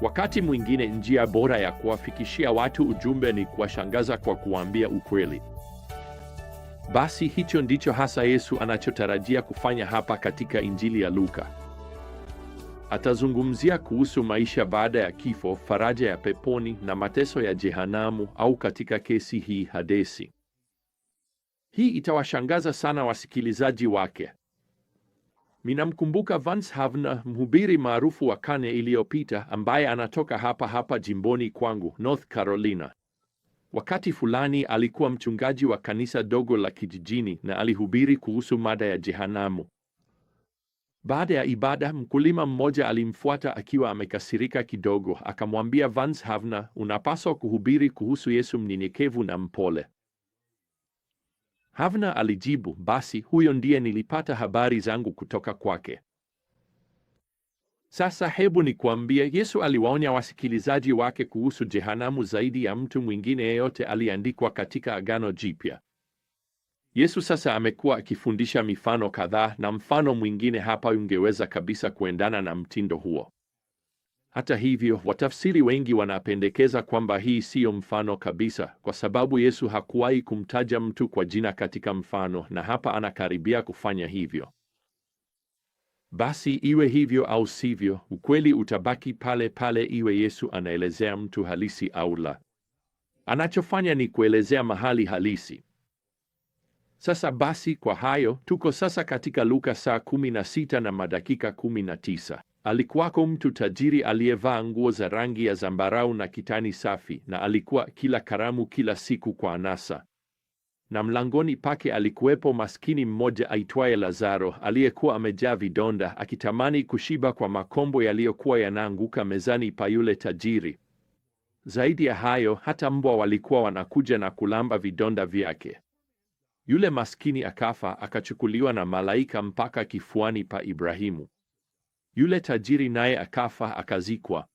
Wakati mwingine njia bora ya kuwafikishia watu ujumbe ni kuwashangaza kwa kuwaambia ukweli. Basi hicho ndicho hasa Yesu anachotarajia kufanya hapa katika Injili ya Luka. Atazungumzia kuhusu maisha baada ya kifo, faraja ya peponi na mateso ya jehanamu au katika kesi hii Hadesi. Hii itawashangaza sana wasikilizaji wake. Ninamkumbuka Vance Havner, mhubiri maarufu wa kane iliyopita, ambaye anatoka hapa hapa jimboni kwangu North Carolina. Wakati fulani alikuwa mchungaji wa kanisa dogo la kijijini na alihubiri kuhusu mada ya jehanamu. Baada ya ibada, mkulima mmoja alimfuata akiwa amekasirika kidogo, akamwambia Vance Havner, unapaswa kuhubiri kuhusu Yesu mnyenyekevu na mpole. Havna alijibu, basi huyo ndiye nilipata habari zangu kutoka kwake. Sasa hebu nikuambie, Yesu aliwaonya wasikilizaji wake kuhusu jehanamu zaidi ya mtu mwingine yeyote aliandikwa katika Agano Jipya. Yesu sasa amekuwa akifundisha mifano kadhaa, na mfano mwingine hapa ungeweza kabisa kuendana na mtindo huo. Hata hivyo, watafsiri wengi wanapendekeza kwamba hii siyo mfano kabisa, kwa sababu Yesu hakuwahi kumtaja mtu kwa jina katika mfano, na hapa anakaribia kufanya hivyo. Basi iwe hivyo au sivyo, ukweli utabaki pale pale, iwe Yesu anaelezea mtu halisi au la. Anachofanya ni kuelezea mahali halisi. Sasa basi, kwa hayo tuko sasa katika Luka saa 16 na madakika 19. Alikuwako mtu tajiri aliyevaa nguo za rangi ya zambarau na kitani safi, na alikuwa kila karamu kila siku kwa anasa, na mlangoni pake alikuwepo maskini mmoja aitwaye Lazaro aliyekuwa amejaa vidonda, akitamani kushiba kwa makombo yaliyokuwa yanaanguka mezani pa yule tajiri. Zaidi ya hayo, hata mbwa walikuwa wanakuja na kulamba vidonda vyake. Yule maskini akafa, akachukuliwa na malaika mpaka kifuani pa Ibrahimu. Yule tajiri naye akafa akazikwa.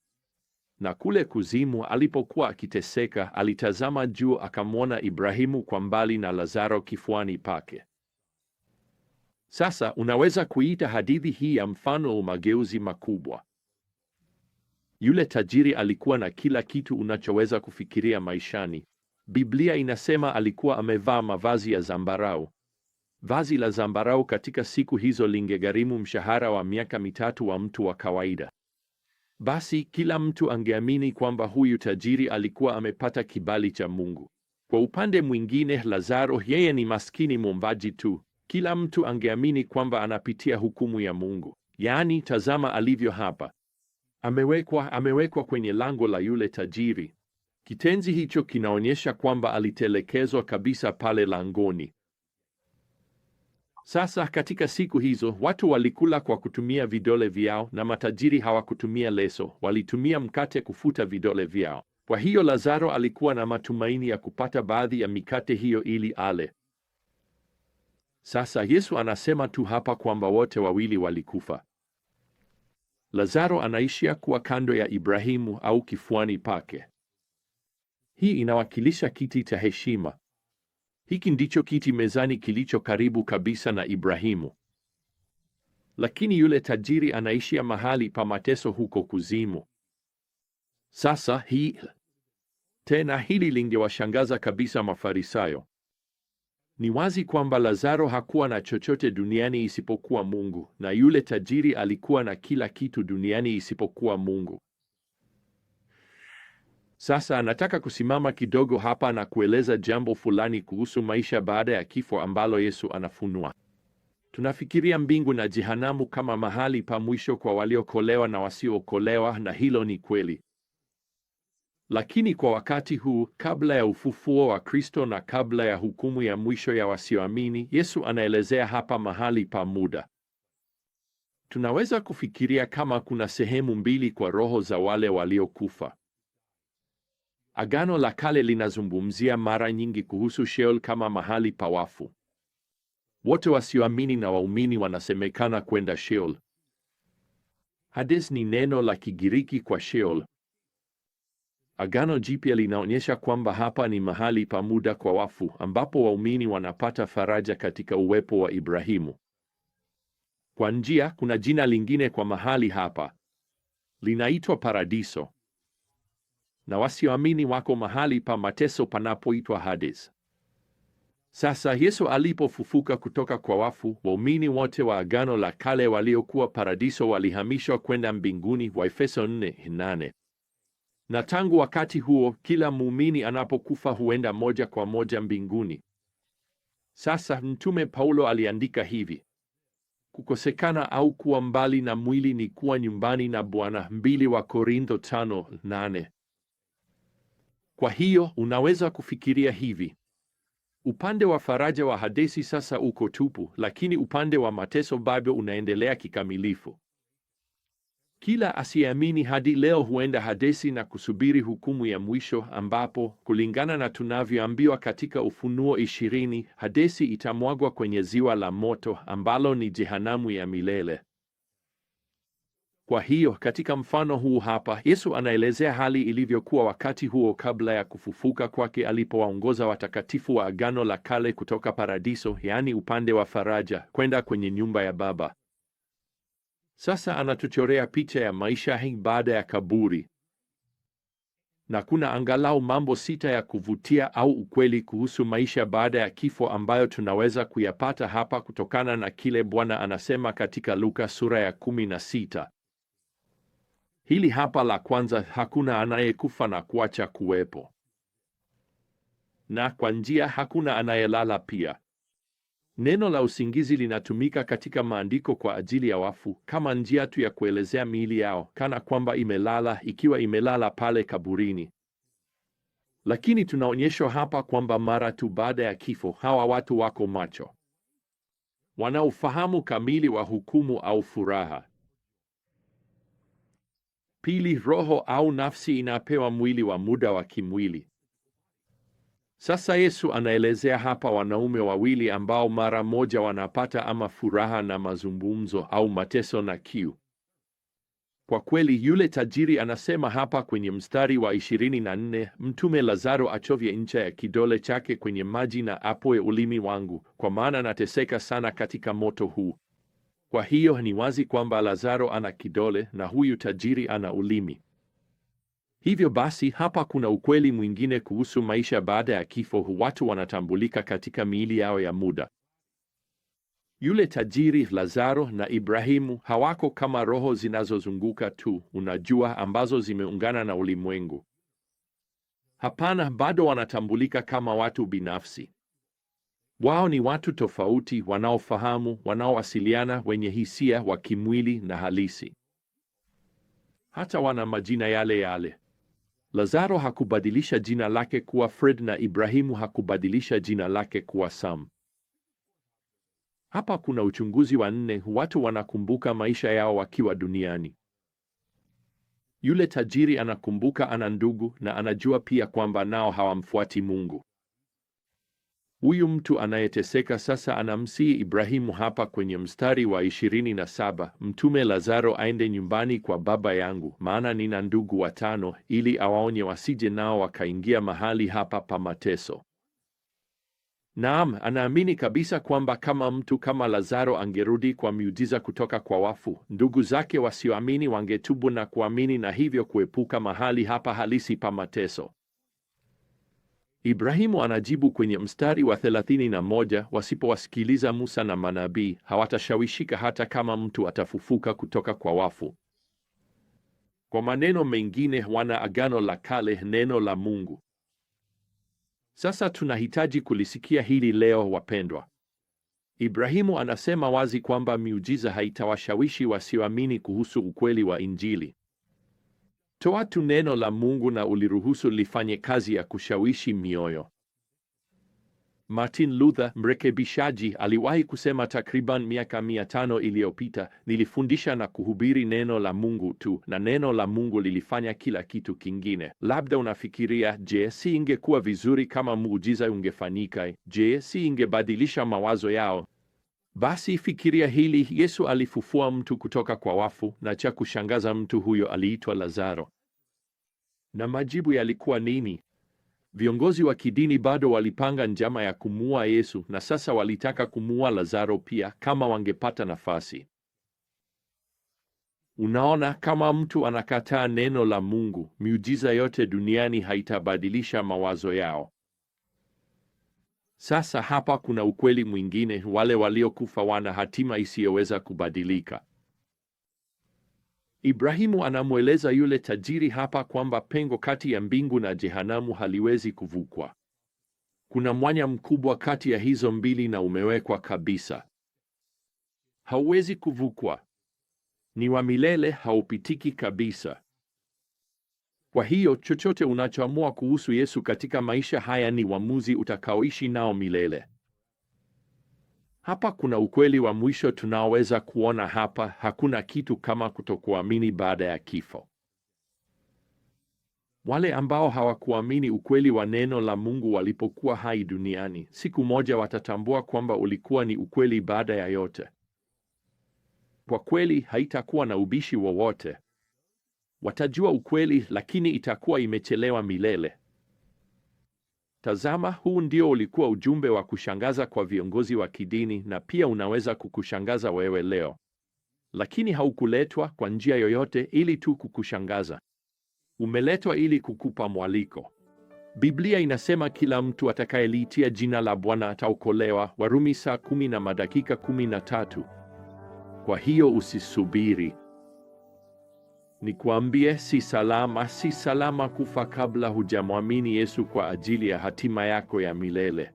Na kule kuzimu alipokuwa akiteseka, alitazama juu akamwona Ibrahimu kwa mbali na Lazaro kifuani pake. Sasa unaweza kuita hadithi hii ya mfano wa mageuzi makubwa. Yule tajiri alikuwa na kila kitu unachoweza kufikiria maishani. Biblia inasema alikuwa amevaa mavazi ya zambarau, Vazi la zambarau katika siku hizo lingegharimu mshahara wa miaka mitatu wa mtu wa kawaida. Basi kila mtu angeamini kwamba huyu tajiri alikuwa amepata kibali cha Mungu. Kwa upande mwingine, Lazaro, yeye ni maskini mwombaji tu. Kila mtu angeamini kwamba anapitia hukumu ya Mungu. Yaani, tazama alivyo hapa, amewekwa amewekwa kwenye lango la yule tajiri. Kitenzi hicho kinaonyesha kwamba alitelekezwa kabisa pale langoni. Sasa katika siku hizo watu walikula kwa kutumia vidole vyao, na matajiri hawakutumia leso, walitumia mkate kufuta vidole vyao. Kwa hiyo Lazaro alikuwa na matumaini ya kupata baadhi ya mikate hiyo ili ale. Sasa Yesu anasema tu hapa kwamba wote wawili walikufa. Lazaro anaishia kuwa kando ya Ibrahimu au kifuani pake. Hii inawakilisha kiti cha heshima. Hiki ndicho kiti mezani kilicho karibu kabisa na Ibrahimu. Lakini yule tajiri anaishia mahali pa mateso huko kuzimu. Sasa hii tena, hili lingewashangaza kabisa Mafarisayo. Ni wazi kwamba Lazaro hakuwa na chochote duniani isipokuwa Mungu, na yule tajiri alikuwa na kila kitu duniani isipokuwa Mungu. Sasa anataka kusimama kidogo hapa na kueleza jambo fulani kuhusu maisha baada ya kifo ambalo Yesu anafunua. Tunafikiria mbingu na jehanamu kama mahali pa mwisho kwa waliokolewa na wasiookolewa, na hilo ni kweli. Lakini kwa wakati huu, kabla ya ufufuo wa Kristo na kabla ya hukumu ya mwisho ya wasioamini, Yesu anaelezea hapa mahali pa muda. Tunaweza kufikiria kama kuna sehemu mbili kwa roho za wale waliokufa. Agano la Kale linazungumzia mara nyingi kuhusu Sheol kama mahali pa wafu. Wote wasioamini na waumini wanasemekana kwenda Sheol. Hades ni neno la Kigiriki kwa Sheol. Agano Jipya linaonyesha kwamba hapa ni mahali pa muda kwa wafu ambapo waumini wanapata faraja katika uwepo wa Ibrahimu. Kwa njia, kuna jina lingine kwa mahali hapa. Linaitwa paradiso na wasioamini wako mahali pa mateso panapoitwa Hades. Sasa Yesu alipofufuka kutoka kwa wafu, waumini wote wa Agano la Kale waliokuwa paradiso walihamishwa kwenda mbinguni, Waefeso 4:8. Na tangu wakati huo kila muumini anapokufa huenda moja kwa moja mbinguni. Sasa mtume Paulo aliandika hivi: kukosekana au kuwa mbali na mwili ni kuwa nyumbani na Bwana, 2 wa Korintho 5:8. Kwa hiyo unaweza kufikiria hivi: upande wa faraja wa Hadesi sasa uko tupu, lakini upande wa mateso bado unaendelea kikamilifu. Kila asiyeamini hadi leo huenda Hadesi na kusubiri hukumu ya mwisho, ambapo kulingana na tunavyoambiwa katika Ufunuo ishirini, Hadesi itamwagwa kwenye ziwa la moto ambalo ni jehanamu ya milele. Kwa hiyo katika mfano huu hapa, Yesu anaelezea hali ilivyokuwa wakati huo kabla ya kufufuka kwake, alipowaongoza watakatifu wa Agano la Kale kutoka paradiso, yaani upande wa faraja, kwenda kwenye nyumba ya Baba. Sasa anatuchorea picha ya maisha hii baada ya kaburi, na kuna angalau mambo sita ya kuvutia au ukweli kuhusu maisha baada ya kifo ambayo tunaweza kuyapata hapa kutokana na kile Bwana anasema katika Luka sura ya 16. Hili hapa la kwanza, hakuna anayekufa na kuacha kuwepo, na kwa njia hakuna anayelala pia. Neno la usingizi linatumika katika maandiko kwa ajili ya wafu kama njia tu ya kuelezea miili yao, kana kwamba imelala, ikiwa imelala pale kaburini. Lakini tunaonyeshwa hapa kwamba mara tu baada ya kifo hawa watu wako macho, wana ufahamu kamili wa hukumu au furaha. Pili, roho au nafsi inapewa mwili wa muda wa kimwili. Sasa Yesu anaelezea hapa wanaume wawili ambao mara moja wanapata ama furaha na mazungumzo au mateso na kiu. Kwa kweli yule tajiri anasema hapa kwenye mstari wa 24, mtume Lazaro achovye ncha ya kidole chake kwenye maji na apoe ulimi wangu, kwa maana nateseka sana katika moto huu. Kwa hiyo ni wazi kwamba Lazaro ana kidole na huyu tajiri ana ulimi. Hivyo basi, hapa kuna ukweli mwingine kuhusu maisha baada ya kifo. Watu wanatambulika katika miili yao ya muda. Yule tajiri, Lazaro na Ibrahimu hawako kama roho zinazozunguka tu, unajua, ambazo zimeungana na ulimwengu. Hapana, bado wanatambulika kama watu binafsi. Wao ni watu tofauti wanaofahamu, wanaowasiliana, wenye hisia, wa kimwili na halisi. Hata wana majina yale yale. Lazaro hakubadilisha jina lake kuwa Fred na Ibrahimu hakubadilisha jina lake kuwa Sam. Hapa kuna uchunguzi wa nne: watu wanakumbuka maisha yao wakiwa duniani. Yule tajiri anakumbuka ana ndugu na anajua pia kwamba nao hawamfuati Mungu. Huyu mtu anayeteseka sasa anamsii Ibrahimu hapa kwenye mstari wa ishirini na saba, mtume Lazaro aende nyumbani kwa baba yangu, maana nina ndugu watano, ili awaonye wasije nao wakaingia mahali hapa pa mateso. Naam, anaamini kabisa kwamba kama mtu kama Lazaro angerudi kwa miujiza kutoka kwa wafu, ndugu zake wasioamini wangetubu na kuamini na hivyo kuepuka mahali hapa halisi pa mateso. Ibrahimu anajibu kwenye mstari wa 31, wasipowasikiliza Musa na manabii hawatashawishika hata kama mtu atafufuka kutoka kwa wafu. Kwa maneno mengine, wana agano la kale, neno la Mungu. Sasa tunahitaji kulisikia hili leo, wapendwa. Ibrahimu anasema wazi kwamba miujiza haitawashawishi wasioamini kuhusu ukweli wa Injili. Toa tu neno la Mungu na uliruhusu lifanye kazi ya kushawishi mioyo. Martin Luther mrekebishaji aliwahi kusema takriban miaka mia tano iliyopita, nilifundisha na kuhubiri neno la Mungu tu na neno la Mungu lilifanya kila kitu kingine. Labda unafikiria, je, si ingekuwa vizuri kama muujiza ungefanyika? Je, si ingebadilisha mawazo yao? Basi fikiria hili, Yesu alifufua mtu kutoka kwa wafu, na cha kushangaza mtu huyo aliitwa Lazaro. Na majibu yalikuwa nini? Viongozi wa kidini bado walipanga njama ya kumuua Yesu, na sasa walitaka kumuua Lazaro pia kama wangepata nafasi. Unaona, kama mtu anakataa neno la Mungu, miujiza yote duniani haitabadilisha mawazo yao. Sasa hapa kuna ukweli mwingine: wale waliokufa wana hatima isiyoweza kubadilika. Ibrahimu anamweleza yule tajiri hapa kwamba pengo kati ya mbingu na jehanamu haliwezi kuvukwa. Kuna mwanya mkubwa kati ya hizo mbili na umewekwa kabisa, hauwezi kuvukwa, ni wa milele, haupitiki kabisa. Kwa hiyo chochote unachoamua kuhusu Yesu katika maisha haya ni uamuzi utakaoishi nao milele. Hapa kuna ukweli wa mwisho tunaoweza kuona hapa: hakuna kitu kama kutokuamini baada ya kifo. Wale ambao hawakuamini ukweli wa neno la Mungu walipokuwa hai duniani, siku moja watatambua kwamba ulikuwa ni ukweli baada ya yote. Kwa kweli haitakuwa na ubishi wowote. Watajua ukweli, lakini itakuwa imechelewa milele. Tazama, huu ndio ulikuwa ujumbe wa kushangaza kwa viongozi wa kidini, na pia unaweza kukushangaza wewe leo, lakini haukuletwa kwa njia yoyote ili tu kukushangaza. Umeletwa ili kukupa mwaliko. Biblia inasema kila mtu atakayeliitia jina la Bwana ataokolewa, Warumi saa kumi na madakika kumi na tatu. Kwa hiyo usisubiri nikuambie si salama, si salama kufa kabla hujamwamini Yesu kwa ajili ya hatima yako ya milele.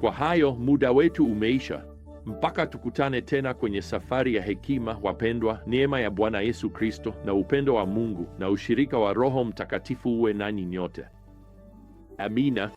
Kwa hayo, muda wetu umeisha. Mpaka tukutane tena kwenye safari ya hekima, wapendwa. Neema ya Bwana Yesu Kristo na upendo wa Mungu na ushirika wa Roho Mtakatifu uwe nanyi nyote. Amina.